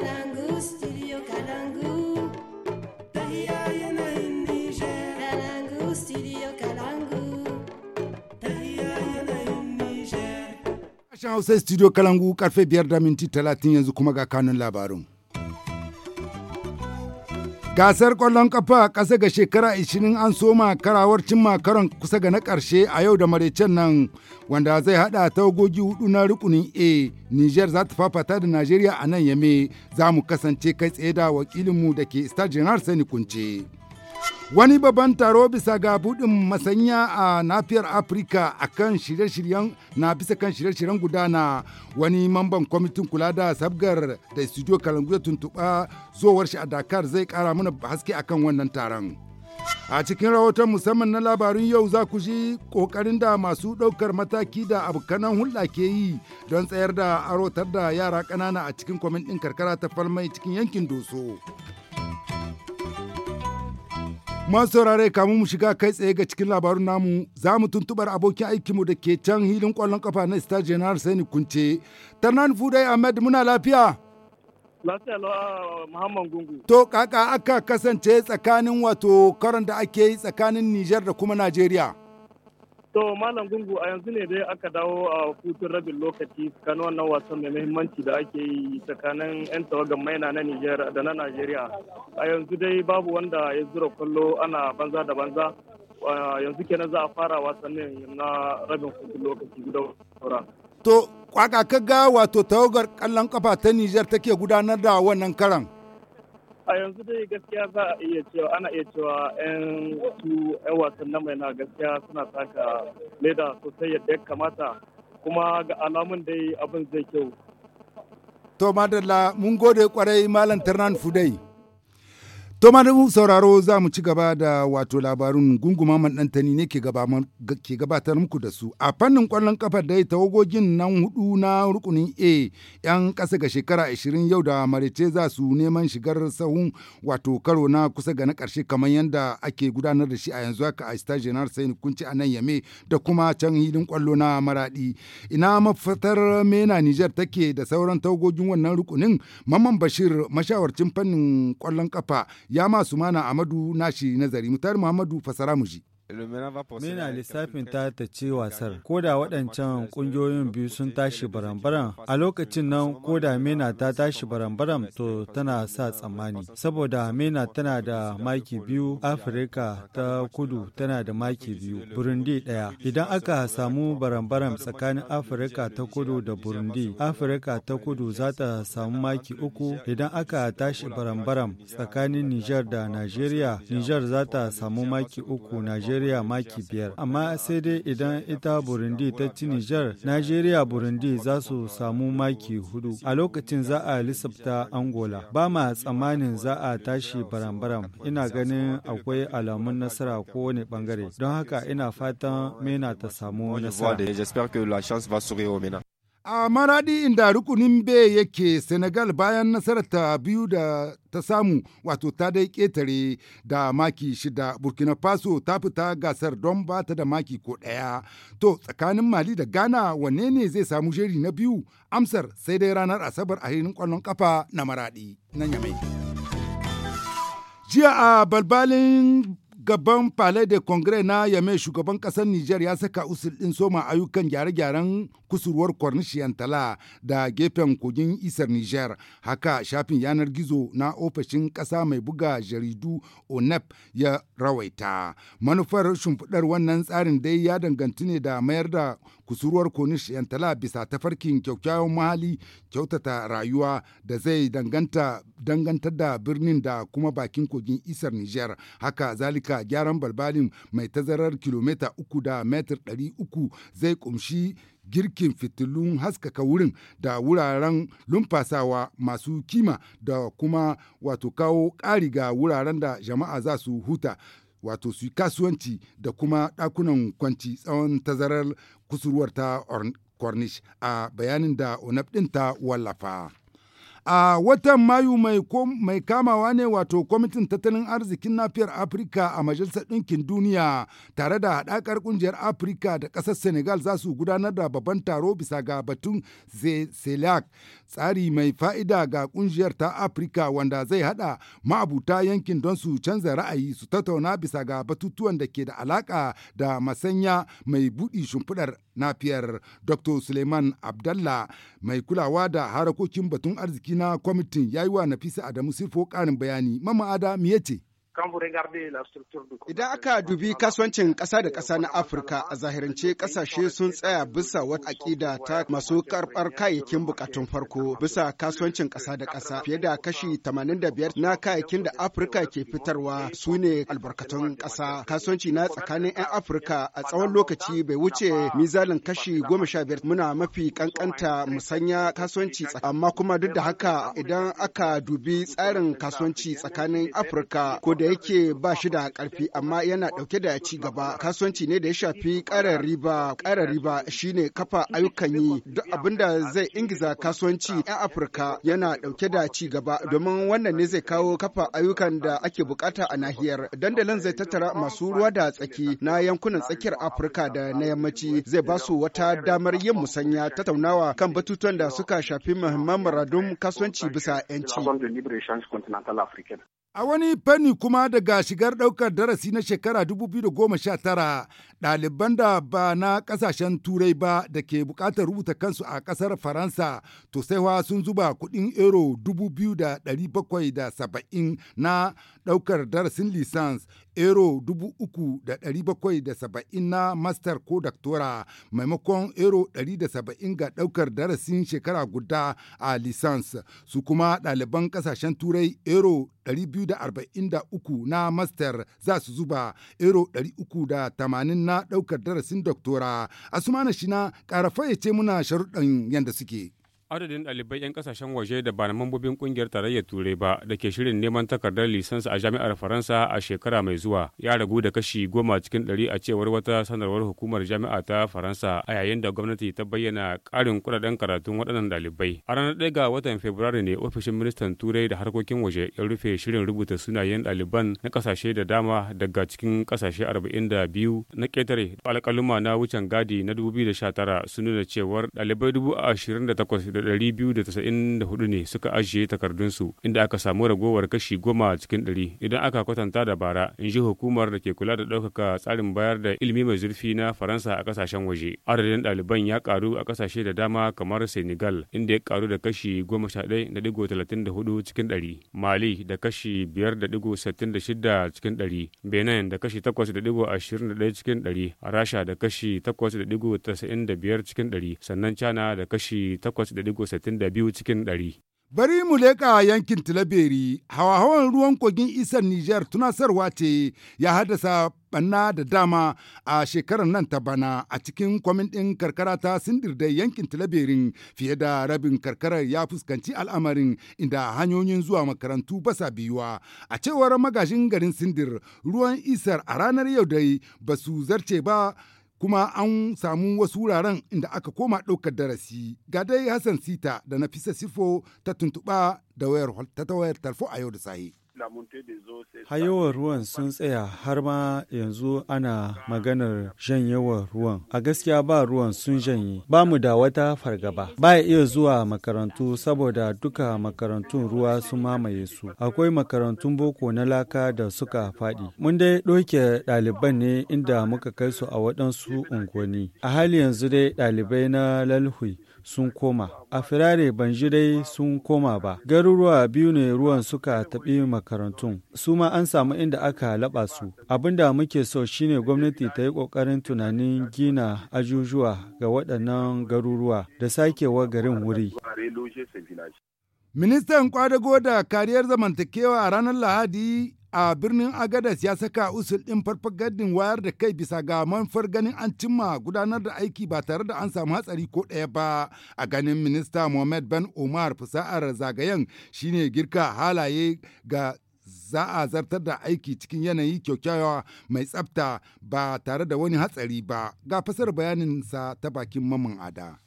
kalangu studio studio kalangu Hausa studio kalangu karfe biyar da minti talatin yanzu kuma ga kanun labarin Gasar ƙwallon ƙafa ƙasa ga shekara 20 an soma karawar cin karon kusa ga na ƙarshe a yau da maraicen nan wanda zai haɗa tawagogi hudu na rukunin A. Niger za ta fafata da Najeriya a nan yame za mu kasance kai tsaye da wakilinmu da ke Stade General Sani Kunce. Wani babban taro bisa ga buɗin masanya a nafiyar Afirka a kan shirye-shiryen na bisa kan shirye-shiryen gudana wani mamban kwamitin kula da sabgar da studio Kalangu ya tuntuɓa zuwa shi a Dakar zai ƙara mana haske a kan wannan taron. A cikin rahoton musamman na labarin yau za ku ji ƙoƙarin da masu ɗaukar mataki da abokanan hulɗa ke yi don tsayar da arotar da yara ƙanana a cikin Kwamitin karkara ta falmai cikin yankin doso. Masu saurare kamun mu shiga kai tsaye ga cikin labarun namu za mu tuntubar abokin aikinmu da ke can hilin kwallon kafa na Star General Sani Kunce. Tarnan Fudai Ahmed muna lafiya. Lafiya ah, Muhammad Gungu. To kaka aka kasance tsakanin wato karon da ake yi tsakanin Nijar da kuma Najeriya. To Malam Gungu a yanzu ne dai aka dawo a hutun rabin lokaci tsakanin wannan wasan mai muhimmanci da ake yi tsakanin 'yan tawagan maina na Nijar da na Najeriya. A yanzu dai babu wanda ya zura kwallo ana banza da banza. Yanzu kenan za a fara wasannin na rabin hutun lokaci guda saura. To kwaka kaga wato tawagar kallon kafa ta Nijar take gudanar da wannan karan. a yanzu dai gaskiya za a iya cewa ana iya cewa 'yan su 'yan wasan na mai na gaskiya suna taka leda sosai yadda ya kamata kuma ga alamun dai abin zai kyau. To Madalla mun gode kwarai Malam Tarnan Fudai. To malamin sauraro za mu ci gaba da wato labarun gunguma maɗantani ne ke gabatar muku da su. A fannin ƙwallon kafar dai tawagogin nan hudu na rukunin A 'yan ƙasa ga shekara 20 yau da marece za su neman shigar sahun wato karo na kusa ga na ƙarshe kamar yadda ake gudanar da shi a yanzu haka a stajinar sai kunci a nan yame da kuma can hilin ƙwallo na maraɗi. Ina mafatar mena Nijar take da sauran tawagogin wannan rukunin Mamman Bashir mashawarcin fannin ƙwallon kafa ya ma Mana Amadu nashi nazari mutar Muhammadu fasara mu ji. Muna lissafin ta ta ce wasar, koda da waɗancan ƙungiyoyin biyu sun tashi barambaran a lokacin nan koda da Mena ta tashi barambaran to tana sa tsammani. Saboda Mena tana da maki biyu, Afirka ta kudu tana da maki biyu, Burundi ɗaya. Idan aka samu barambaran tsakanin Afirka ta kudu da Burundi, Afirka ta kudu za ta samu maki uku idan aka tashi barambaram tsakanin Nijar da Najeriya, Nijar za ta samu maki uku, Najeriya Najeriya maki biyar. Amma sai dai idan ita Burundi ta ci Nijar, Najeriya Burundi za su samu maki hudu. A lokacin za a lissafta Angola. Ba ma tsammanin za a tashi barambaram Ina ganin akwai alamun nasara kowane bangare. Don haka ina fatan Mena ta samu nasara. a maradi inda rukunin be yake senegal bayan nasarar ta biyu da ta samu wato ta dai ketare da maki shida burkina faso ta fita gasar don ba ta da maki ko ɗaya to tsakanin mali da ghana wanne ne zai samu jeri na biyu amsar sai dai ranar asabar a hirin kwallon kafa na maradi nan yamai jiya a balbalin shugaban palais de congrès na yame shugaban kasar niger ya saka usul din soma ayyukan gyare-gyaren kusurwar cornish yantala da gefen kogin isar niger haka shafin yanar gizo na ofishin kasa mai buga jaridu onep ya rawaita manufar shimfiɗar wannan tsarin dai ya danganci ne da mayar da kusurwar Cornish Yantala bisa tafarkin kyakkyawan mahali kyautata rayuwa da zai danganta dangantar da birnin da kuma bakin kogin isar Niger. Haka zalika gyaran balbalin mai tazarar kilomita uku da metar ɗari uku zai kumshi girkin fitilun haskaka wurin da wuraren lumfasawa masu kima da kuma wato kawo ƙari ga wuraren da jama'a za su huta wato su kasuwanci da kuma ɗakunan kwanci tsawon tazarar kusurwar ta cornish a bayanin da onaf ɗin ta wallafa. a watan mayu mai, kamawa ne wato kwamitin tattalin arzikin nafiyar afirka a majalisar ɗinkin duniya tare da haɗakar ƙungiyar afirka da ƙasar senegal za su gudanar da babban taro bisa ga batun celac tsari mai fa'ida ga ƙungiyar ta afirka wanda zai haɗa ma'abuta yankin don su canza ra'ayi su tattauna bisa ga batutuwan da ke da alaƙa da masanya mai buɗi shimfiɗar nafiyar dr suleiman abdallah mai kulawa da harakokin batun arziki na kwamitin yayi wa nafisa adamu sirfo ƙarin bayani mama ada ce Idan aka dubi kasuwancin ƙasa da ƙasa na Afirka a zahirance ƙasashe sun tsaya bisa wata aƙida ta masu karɓar kayayyakin buƙatun farko bisa kasuwancin ƙasa da ƙasa fiye da kashi 85 na kayayyakin da Afirka ke fitarwa su ne albarkatun ƙasa. Kasuwanci na tsakanin 'yan Afirka a tsawon lokaci bai wuce mizalin kashi 15 muna mafi kankanta musanya kasuwanci amma kuma duk da haka idan aka dubi tsarin kasuwanci tsakanin Afirka ko da yake ba shi da karfi amma yana dauke da ci gaba kasuwanci ne da ya shafi karar riba karar riba shine kafa ayyukan yi duk abinda zai ingiza kasuwanci yan afirka yana dauke da ci gaba domin wannan ne zai kawo kafa ayyukan da ake bukata a nahiyar dandalin zai tattara masu ruwa da tsaki na yankunan tsakiyar afirka da na yammaci zai ba su wata damar yin musanya tattaunawa kan batutuwan da suka shafi muhimman muradun kasuwanci bisa 'yanci. A wani fanni kuma daga shigar ɗaukar darasi na shekara 2019 ɗaliban da ba na ƙasashen turai ba da ke buƙatar rubuta kansu a ƙasar Faransa to saiwa sun zuba kuɗin euro 2,770 na ɗaukar darasin lisans ero saba'in na master ko doctora maimakon ero 170 ga ɗaukar darasin shekara guda a lisans su kuma ɗaliban ƙasashen turai ero 243 na master za su zuba ero 380 na ɗaukar darasin doctora asumana shina ƙarafa ya ce muna sharuɗan yadda suke. adadin ɗalibai 'yan kasashen waje da ba na mambobin kungiyar tarayyar turai ba da ke shirin neman takardar lisansa a jami'ar faransa a shekara mai zuwa ya ragu da kashi goma cikin ɗari a cewar wata sanarwar hukumar jami'a ta faransa a yayin da gwamnati ta bayyana ƙarin kuɗaɗen karatun waɗannan ɗalibai a ranar ɗaya ga watan fabrairu ne ofishin ministan turai da harkokin waje ya rufe shirin rubuta sunayen ɗaliban na ƙasashe da dama daga cikin kasashe arba'in da biyu na ƙetare alƙaluma na wucin gadi na 2019 sun nuna cewar ɗalibai dubu ashirin da takwas hudu ne suka ajiye takardunsu inda aka samu ragowar kashi goma cikin ɗari idan aka kwatanta da bara in ji hukumar da ke kula da ɗaukaka tsarin bayar da ilimi mai zurfi na faransa a ƙasashen waje adadin ɗaliban ya ƙaru a ƙasashe da dama kamar senegal inda ya ƙaru da kashi goma sha ɗaya da digo talatin da hudu cikin ɗari mali da kashi biyar da digo sittin da shida cikin ɗari benin da kashi takwas da digo ashirin da ɗaya cikin ɗari rasha da kashi takwas da digo tasa'in da biyar cikin ɗari sannan china da kashi takwas da 62 cikin 100. Bari mu leƙa yankin Tilaberi, hawa-hawan ruwan kogin isar Nijar tunasarwa ce ya haddasa banna da dama a shekarar nan ta bana a cikin kwamin ɗin karkara ta sindirda yankin Tilaberin fiye da rabin karkarar ya fuskanci al'amarin inda hanyoyin zuwa makarantu basa biyuwa. A cewar magajin garin sindir ruwan isar a ranar yau dai ba su zarce ba kuma an samu wasu wuraren inda aka koma ɗaukar darasi ga dai hassan sita da nafisa sifo ta tuntuɓa da wayar tarfo a yau da sahi. Hayowar ruwan sun tsaya har ma yanzu ana maganar janyewar ruwan. A gaskiya ba ruwan sun janye, ba mu da wata fargaba. Ba iya zuwa makarantu saboda duka makarantun ruwa sun mamaye su. Akwai makarantun boko na laka da suka faɗi. Mun dai ɗauke ɗaliban ne inda muka kai su a waɗansu unguwanni. A hali yanzu dai ɗalibai na lalhui sun koma a firare banjirai sun koma ba garuruwa biyu ne ruwan suka taɓi makarantun su ma an samu inda aka laɓa su abinda muke so shine gwamnati ta yi ƙoƙarin tunanin gina ajujuwa ga waɗannan garuruwa da sakewa garin wuri ministan kwadago da kariyar zamantakewa a ranar lahadi a birnin agadas ya saka usul ɗin farfagadin wayar da kai bisa ga manufar ganin an cimma gudanar da aiki ba tare da an samu hatsari ko ɗaya ba a ganin minista mohamed ben umar fusa'ar zagayen shine girka halaye ga za a zartar da aiki cikin yanayi kyaukyawa mai tsafta ba tare da wani hatsari ba ga fasar bayanin sa ta bakin mamman ada.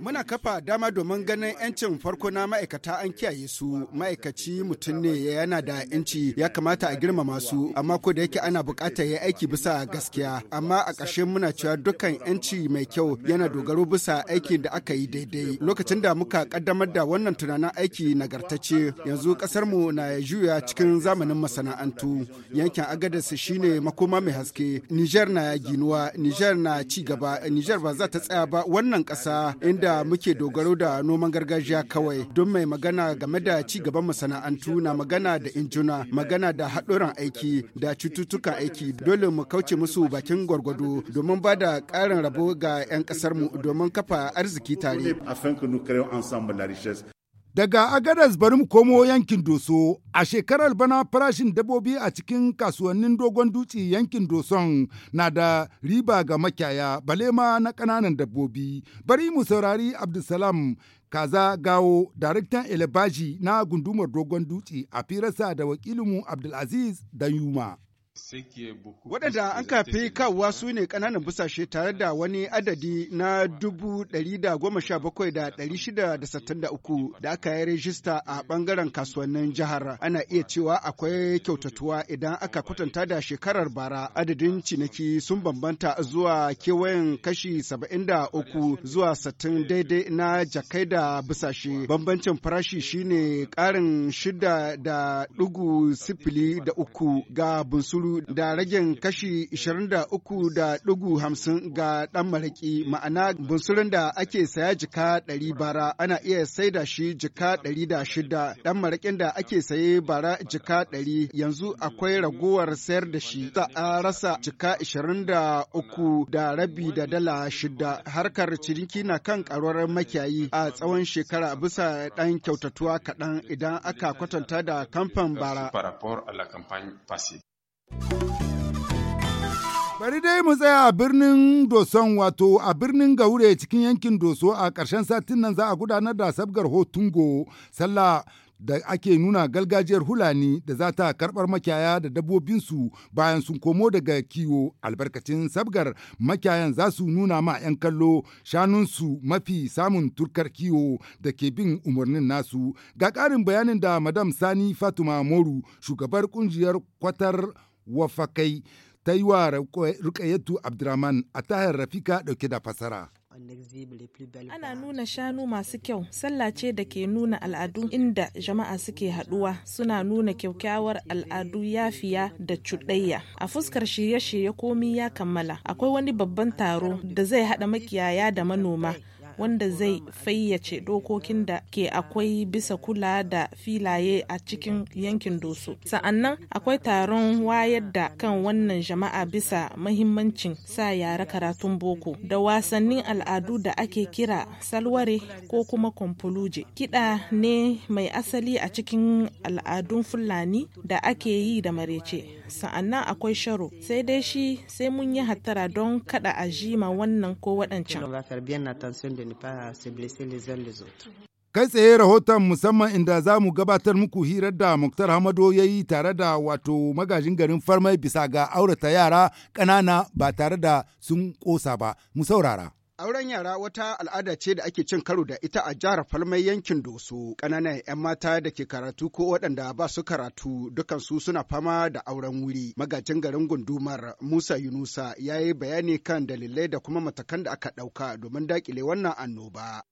Muna kafa dama domin ganin 'yancin farko na ma'aikata an kiyaye su ma'aikaci mutum ne yana da 'yanci ya kamata a girmama su amma ko da yake ana buƙatar ya aiki bisa gaskiya amma a ƙarshe muna cewa dukkan 'yanci mai kyau yana dogaro bisa aikin da aka yi daidai lokacin da muka kaddamar da wannan tunanin aiki nagartacce yanzu ƙasar mu na juya cikin zamanin masana'antu yankin agadas shine makoma mai haske Niger na ginuwa Niger na ci gaba Niger ba za ta tsaya ba wannan ƙasa inda muke dogaro da noman gargajiya kawai don mai magana game da ci gaban masana'antu na magana da injuna magana da haɗuran aiki da cututtukan aiki dole mu kauce musu bakin gwargwado domin ba da ƙarin rabo ga 'yan ƙasarmu domin kafa arziki tare. Daga Agadas bari mu komo yankin Doso, a shekarar bana farashin dabbobi a cikin kasuwannin dogon dutse yankin Doson na da riba ga makyaya bale ma na ƙananan dabbobi. Bari mu saurari Abdulsalam Kaza Gawo, daraktan Elebaji na gundumar dogon dutse a firarsa da wakilinmu Abdulaziz Danyuma. Waɗanda an kafe kawowa su ne ƙananan busashe tare da wani adadi na dubu ɗari da goma sha bakwai da ɗari shida da da uku da aka yi rajista a ɓangaren kasuwannin jihar. Ana iya cewa akwai kyautatuwa idan aka kwatanta da shekarar bara adadin ciniki sun bambanta zuwa kewayen kashi saba'in da uku zuwa sattin daidai na jakai da busashe. Bambancin farashi shine ƙarin shida da ɗugu sifili da uku ga bunsuru Damaturu da ragin kashi 23.50 ga ɗan maraƙi ma'ana bunsurin da ake saya jika 100 bara ana iya saida shi jika 106 ɗan maraƙin da ake saye bara jika 100 yanzu akwai ragowar sayar da shi za a rasa jika 23 da rabi da dala shida harkar ciniki na kan karuwar makiyayi a tsawon shekara bisa ɗan kyautatuwa kaɗan idan aka kwatanta da kamfan bara. Bari dai mu tsaya a birnin Doson wato a birnin Gaure cikin yankin Doso a ƙarshen satin nan za a gudanar da sabgar Hotungo sallah da ake nuna galgajiyar Hulani da za ta karɓar makiyaya da dabbobinsu bayan sun komo daga kiwo albarkacin sabgar makiyayan za su nuna ma 'yan kallo shanunsu mafi samun turkar kiwo da ke bin umarnin nasu. Ga ƙarin bayanin da Madam Sani fatima Moru shugabar ƙungiyar kwatar wafakai ta yi wa Rukayatu Abdurrahman a tahar Rafika dauke da fasara. Ana nuna shanu masu kyau, sallace da ke nuna al'adu inda jama'a suke haduwa suna nuna kyaukyawar al'adu yafiya da cuɗayya. A fuskar shirye-shirye komi ya kammala, akwai wani babban taro da zai haɗa makiyaya da manoma. wanda zai fayyace dokokin da ke akwai bisa kula da filaye a cikin yankin doso sa'annan akwai taron wayar da kan wannan jama'a bisa mahimmancin sa yara karatun boko da wasannin al'adu da ake kira salware ko kuma kwamfuluje kiɗa ne mai asali a cikin al'adun fulani da ake yi da marece sa'annan akwai sharo sai dai shi sai mun yi hattara don kada a jima wannan ko waɗancan ne pas se blesser les uns les autres. Kai tsaye rahoton musamman inda za mu gabatar muku hirar da Muktar Hamado ya yi tare da wato magajin garin farmai bisa ga aurata yara ƙanana ba tare da sun ƙosa ba, mu saurara. Auren yara wata al'ada ce da ake cin karo da ita a jihar Falmai yankin Doso. Ƙananan 'yan mata da ke karatu ko waɗanda ba su karatu dukansu suna fama da auren wuri. Magajin garin gundumar Musa Yunusa ya yi bayani kan dalilai da kuma matakan da aka ɗauka domin daƙile wannan annoba.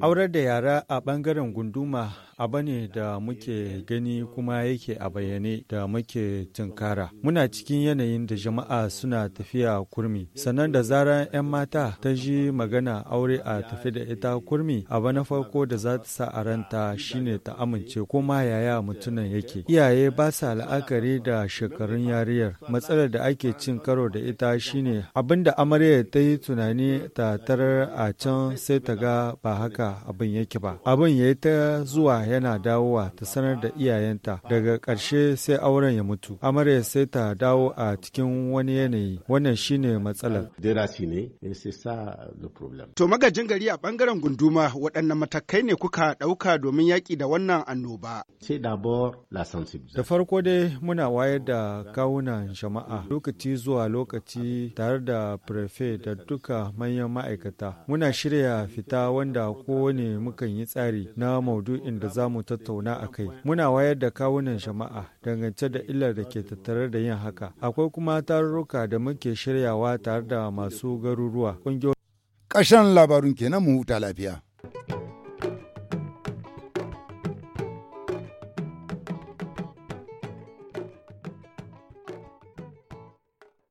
Aurar da yara a ɓangaren gunduma abu ne da muke gani kuma yake a bayyane da muke tunkara. Muna cikin yanayin da jama'a suna tafiya kurmi. Sannan da zarar 'yan mata ta ji magana aure a tafi da ita kurmi abu na farko da za ta sa a ranta shine ta amince ko ma yaya mutunan yake. Iyaye ba sa la'akari da shekarun yariyar. Matsalar da ake cin karo da ita shine abin da amarya ta yi tunani ta tarar a can sai ta ga ba haka abin yake ba. Abin ya yi ta zuwa yana dawowa ta sanar da iyayenta daga ƙarshe sai auren ya mutu. Amarya sai ta dawo a cikin wani yanayi wannan shine matsalar. déraciné ne eh, sai sa le problème. To magajin gari a bangaren gunduma waɗannan matakai ne kuka ɗauka domin yaƙi da wannan annoba. d'abord la sensibilisation. Da farko dai muna wayar da kawunan jama'a lokaci zuwa lokaci tare da prefe da duka manyan ma'aikata. Muna shirya fita wanda kowane mukan yi tsari na maudu'in da za mu tattauna a kai. Muna wayar da kawunan jama'a dangance da illar da ke tattare da yin haka. Akwai kuma tarurruka da muke shiryawa tare da masu garuruwa. Ƙashen labarun kenan mu huta lafiya.